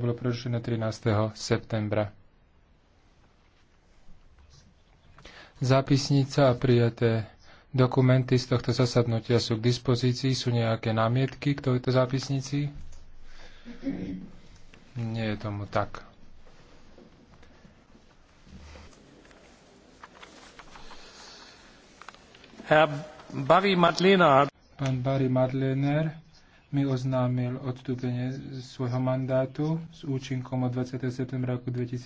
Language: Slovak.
bolo prerušené 13. septembra. Zápisnica a prijaté dokumenty z tohto zasadnutia sú k dispozícii. Sú nejaké námietky k tejto zápisnici? Nie je tomu tak. Herr Barry Madlener. Pán Barry Madlener mi oznámil odstúpenie svojho mandátu s účinkom od 20. septembra roku 2000.